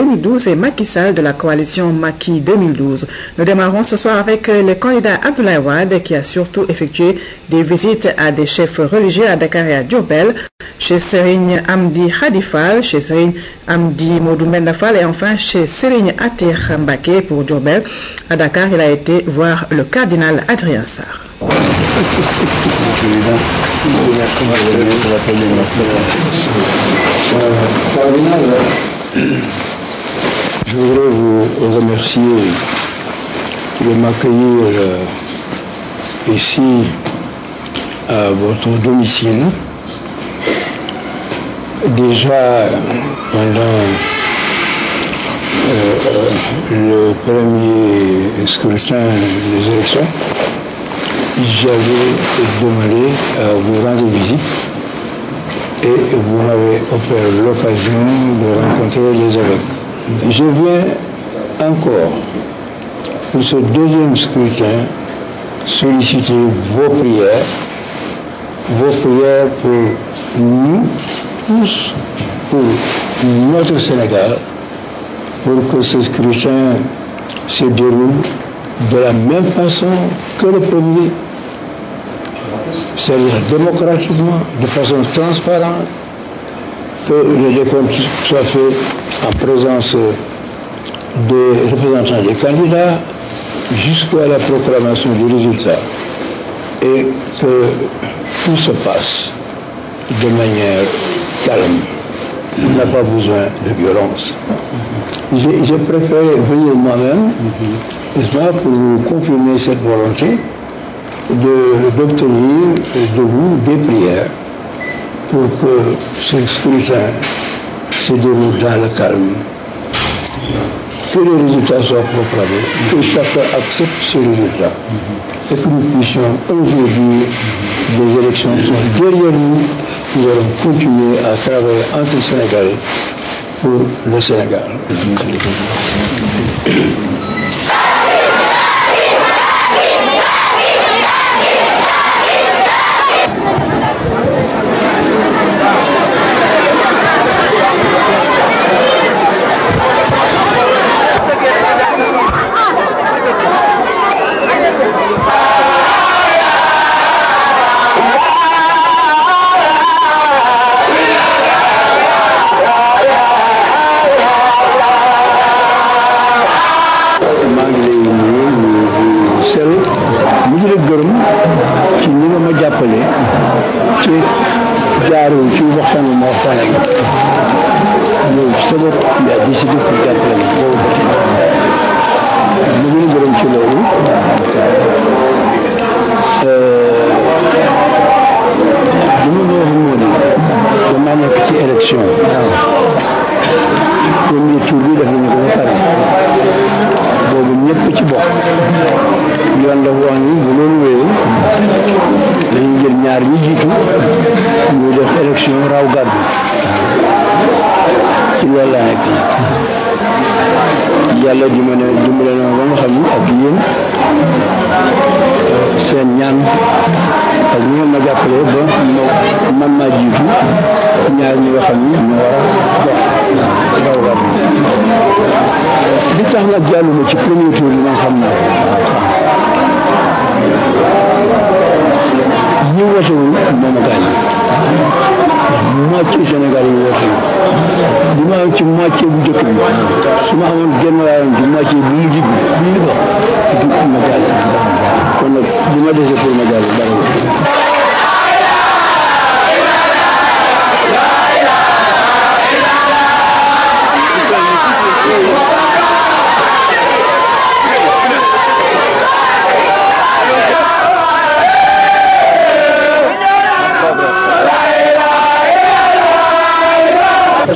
2012 et Macky Sall de la coalition Macky 2012. Nous démarrons ce soir avec euh, le candidat Abdoulaye Wade qui a surtout effectué des visites à des chefs religieux à Dakar et à Durbel, chez Serigne Amdi Hadifal, chez Serigne Amdi Modoumendafal et enfin chez Serigne Atir Mbake pour Durbel. À Dakar, il a été voir le cardinal Adrien Sar. Euh, je voudrais vous remercier de m'accueillir euh, ici à votre domicile. Déjà pendant euh, euh, le premier scrutin des élections, j'avais demandé à vous rendre visite et vous m'avez offert l'occasion de rencontrer les évêques. Je viens encore pour ce deuxième scrutin solliciter vos prières, vos prières pour nous tous, pour notre Sénégal, pour que ce scrutin se déroule de la même façon que le premier, c'est-à-dire démocratiquement, de façon transparente, que le décompte soit fait en présence des représentants des candidats jusqu'à la proclamation du résultat et que tout se passe de manière calme. Il n'a pas besoin de violence. J'ai préféré venir moi-même, pour confirmer cette volonté d'obtenir de, de vous des prières pour que ce scrutin c'est de nous dans le calme. Que les résultats soient propres que chacun accepte ce résultat. Et que nous puissions aujourd'hui, les élections sont derrière nous, nous allons continuer à travailler entre Sénégalais pour le Sénégal. bokk yoon dafa wax ni bu loolu wéyee dañuy jël ñaar ñi jiitu ñu def élection raw gàddu ci loolu laa nekk yàlla dimbale dimbale na ba nga xam seen ñaan ak ñi ma jàppale ba man maa jiitu ñaar ñi nga xam ni ñu raw gàddu sax nag jàlluma ci premier tour bi nga xam ne ñi wotewul moom a gaañ moitié Sénégal yi wotewul li ma ci moitié bu njëkk bi su ma amoon genn waayam ci moitié bu mujj bi bii ko ma gaañ kon nag li ma dese ma gaañ dara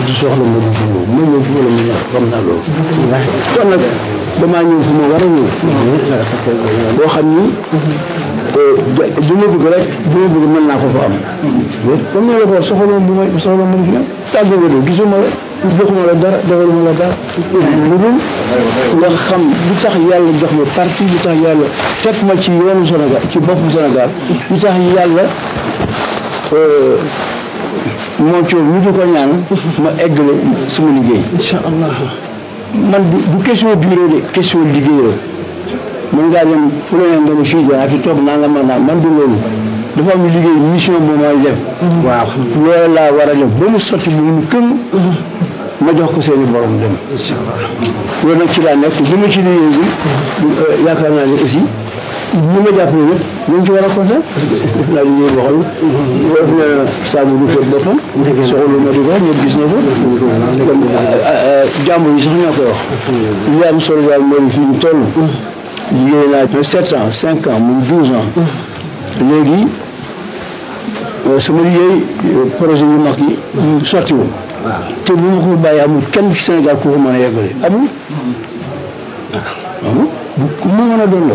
di soxla ma di dund ma ñëw fi ma la ma ñàkk xam naa loolu. kon nag damaa ñëw fi ma war a ñëw. boo xam ni. li eh, ma bëgg rek li ma bëgg mën naa ko fa am. comme ni ma la ko wax soxla ma bu ma soxla ma di fi am tàggu ma doon gisuma la joxuma la dara defaluma la dara. lu dul nga xam li tax yàlla jox ma parti li tax yàlla teg ma ci yoonu Sénégal ci boppu Sénégal li tax yàlla. Eh, moo coow ñu di ko ñaan ma eggale suma liggéey incha allah man du question bureau de question liggéey la mën ngaa dem fu la neen dana fii danaa fi toog naa nga mën naa man du loolu dafa am liggéey mission bu may def waaw loolu laa war a def ba mu sotti bu mu këng ma jox ko seeni borom dem loolu nag ci laa nekk li ma ci liggéey bi euh, yaakaar naa ne aussi li ma jàpp yëpp dañ ci war a kontaan def naa li ñuy waxal def na saabu du fekk boppam soxla na di ko ñëpp gis na ko kon jàmbur yi sax ñoo koy wax li am solo daal mooy fi ñu toll liggéey naa sept ans cinq ans moom douze ans léegi euh, sama liggéey euh, projet yu mag yi sottiwul te bu ma ko bàyyi amul kenn ci Sénégal ku ko mën a yeggale amul amul ku ma mën a doon la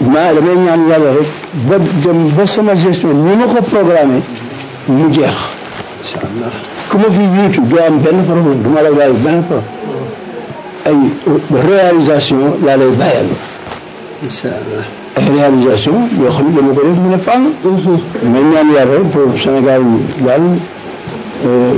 ma damay ñaan yàlla rek ba dem ba sama gestion ni ma ko programmé mu jeex incha allah ku ma fi jiitu doo am benn problème du ma la bàyyi benn problème ay euh, réalisation laa lay bàyyal incha allah ay réalisation yoo xam ne dama ko def mu ne fang mm-hmm. mais ñaan yàlla pour Sénégal daal euh,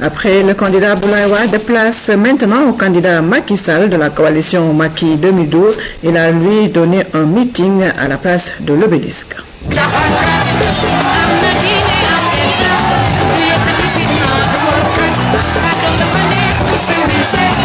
Après le candidat Boulaïwa déplace maintenant au candidat Macky Sall de la coalition Macky 2012, il a lui donné un meeting à la place de l'obélisque. soon he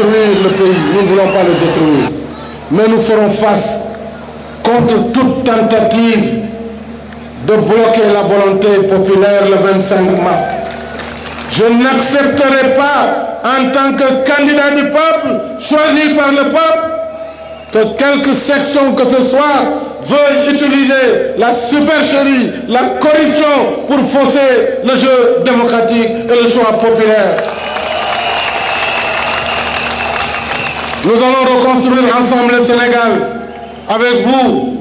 le pays, nous ne voulons pas le détruire. Mais nous ferons face contre toute tentative de bloquer la volonté populaire le 25 mars. Je n'accepterai pas, en tant que candidat du peuple, choisi par le peuple, que quelque section que ce soit veuille utiliser la supercherie, la corruption pour fausser le jeu démocratique et le choix populaire. Nous allons reconstruire ensemble le Sénégal avec vous,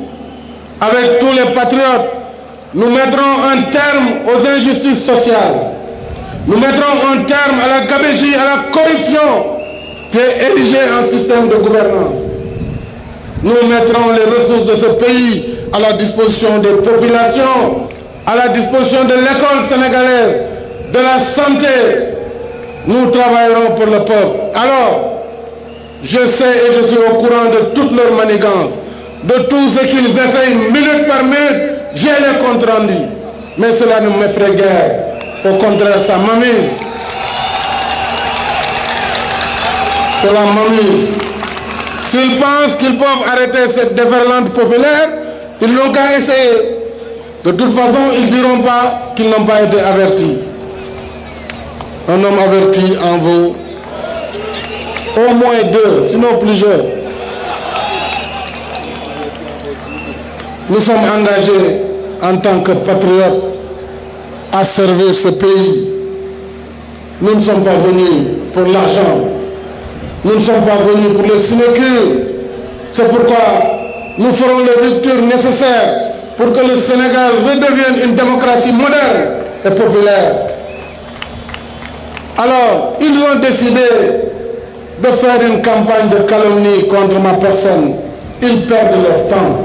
avec tous les patriotes. Nous mettrons un terme aux injustices sociales. Nous mettrons un terme à la gabégie, à la corruption qui est érigée en système de gouvernance. Nous mettrons les ressources de ce pays à la disposition des populations, à la disposition de l'école sénégalaise, de la santé. Nous travaillerons pour le peuple. Alors, je sais et je suis au courant de toutes leurs manigances, de tout ce qu'ils essayent minute par minute, j'ai les comptes rendus. Mais cela ne m'effraie guère. Au contraire, ça m'amuse. Cela m'amuse. S'ils pensent qu'ils peuvent arrêter cette déferlante populaire, ils n'ont qu'à essayer. De toute façon, ils ne diront pas qu'ils n'ont pas été avertis. Un homme averti en vaut au moins deux, sinon plusieurs. Nous sommes engagés en tant que patriotes à servir ce pays. Nous ne sommes pas venus pour l'argent. Nous ne sommes pas venus pour le sinecure. C'est pourquoi nous ferons les ruptures nécessaires pour que le Sénégal redevienne une démocratie moderne et populaire. Alors, ils ont décidé de faire une campagne de calomnie contre ma personne. Ils perdent leur temps.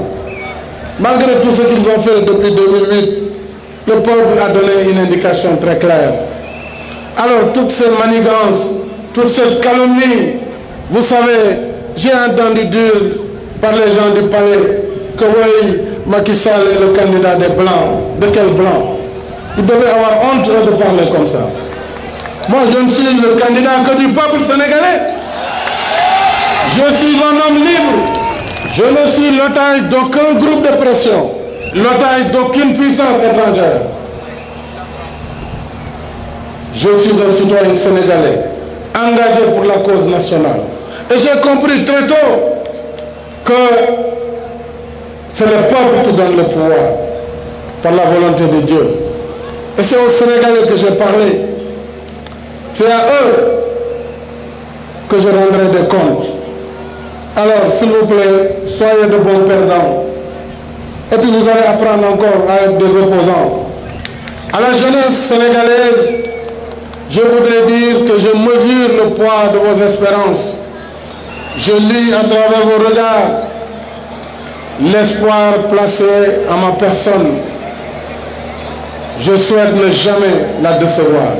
Malgré tout ce qu'ils ont fait depuis 2008, le peuple a donné une indication très claire. Alors toutes ces manigances, toutes cette calomnie, vous savez, j'ai entendu dire par les gens du palais que oui, Macky Sall est le candidat des Blancs. De quel Blanc Il devait avoir honte de parler comme ça. Moi, je ne suis le candidat que du peuple sénégalais. Je suis un homme libre. Je ne suis l'otage d'aucun groupe de pression, l'otage d'aucune puissance étrangère. Je suis un citoyen sénégalais engagé pour la cause nationale. Et j'ai compris très tôt que c'est le peuple qui donne le pouvoir par la volonté de Dieu. Et c'est aux Sénégalais que j'ai parlé. C'est à eux que je rendrai des comptes. Alors, s'il vous plaît, soyez de bons perdants. Et puis vous allez apprendre encore à être des opposants. À la jeunesse sénégalaise, je voudrais dire que je mesure le poids de vos espérances. Je lis à travers vos regards l'espoir placé à ma personne. Je souhaite ne jamais la décevoir.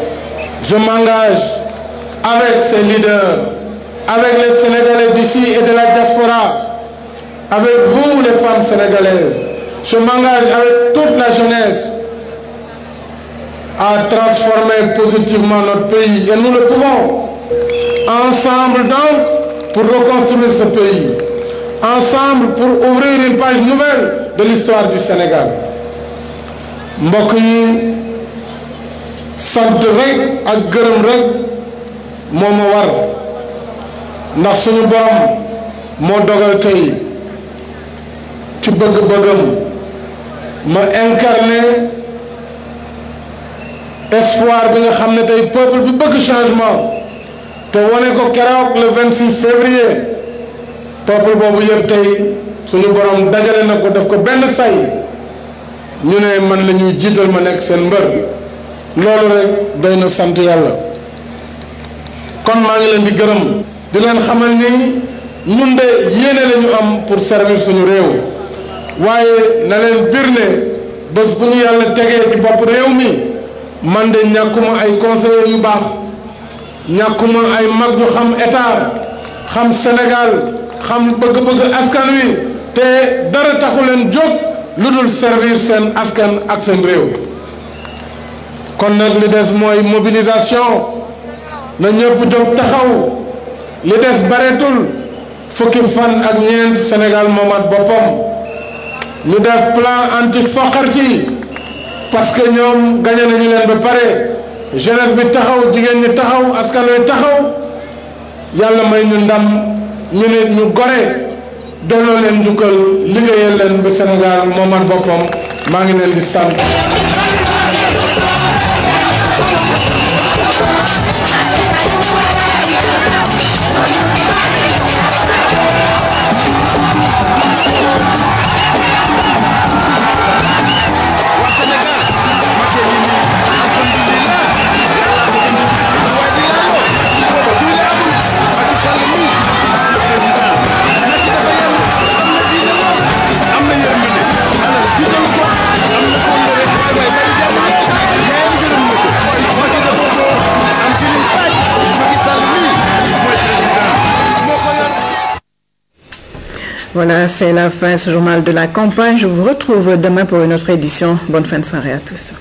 Je m'engage avec ces leaders avec les Sénégalais d'ici et de la diaspora, avec vous les femmes sénégalaises. Je m'engage avec toute la jeunesse à transformer positivement notre pays et nous le pouvons. Ensemble donc pour reconstruire ce pays. Ensemble pour ouvrir une page nouvelle de l'histoire du Sénégal. mbokk yi rek ndax suñu borom moo dogal tey ci bëgg-bëggam ma incarné espoir bi nga xam ne tey peuple bi bëgg changement te wane ko keroog le 26 février peuple boobu yëpp tey suñu borom dajale na ko def ko benn say ñu ne man la ñuy jiital ma nekk seen mbër loolu rek doy na sant yàlla kon maa ngi leen di gërëm. di leen xamal ni mun de yéene la ñu am pour servir suñu réew waaye na leen bir ne bés bu ñu yàlla tegee ci bopp réew mi man de ñàkkuma ay conseillers yu baax ñàkkuma ay mag ñu xam état xam senegal xam bëgg-bëgg askan wi te dara taxu leen jóg lu dul servir seen askan ak seen réew kon nag li des mooy mobilisation na ñëpp jóg taxaw. li des bareetul fukki fan ak ñeent Sénégal moomaat boppam ñu def plan anti foqarti parce que ñoom gañe nañu leen ba pare jeunesse bi taxaw jigéen ñi taxaw askan wi taxaw yàlla may ñu ndam ñu nit ñu gore delloo leen njukkal liggéeyal leen ba Sénégal moomaat boppam maa ngi leen di sant. Voilà, c'est la fin de ce journal de la campagne. Je vous retrouve demain pour une autre édition. Bonne fin de soirée à tous.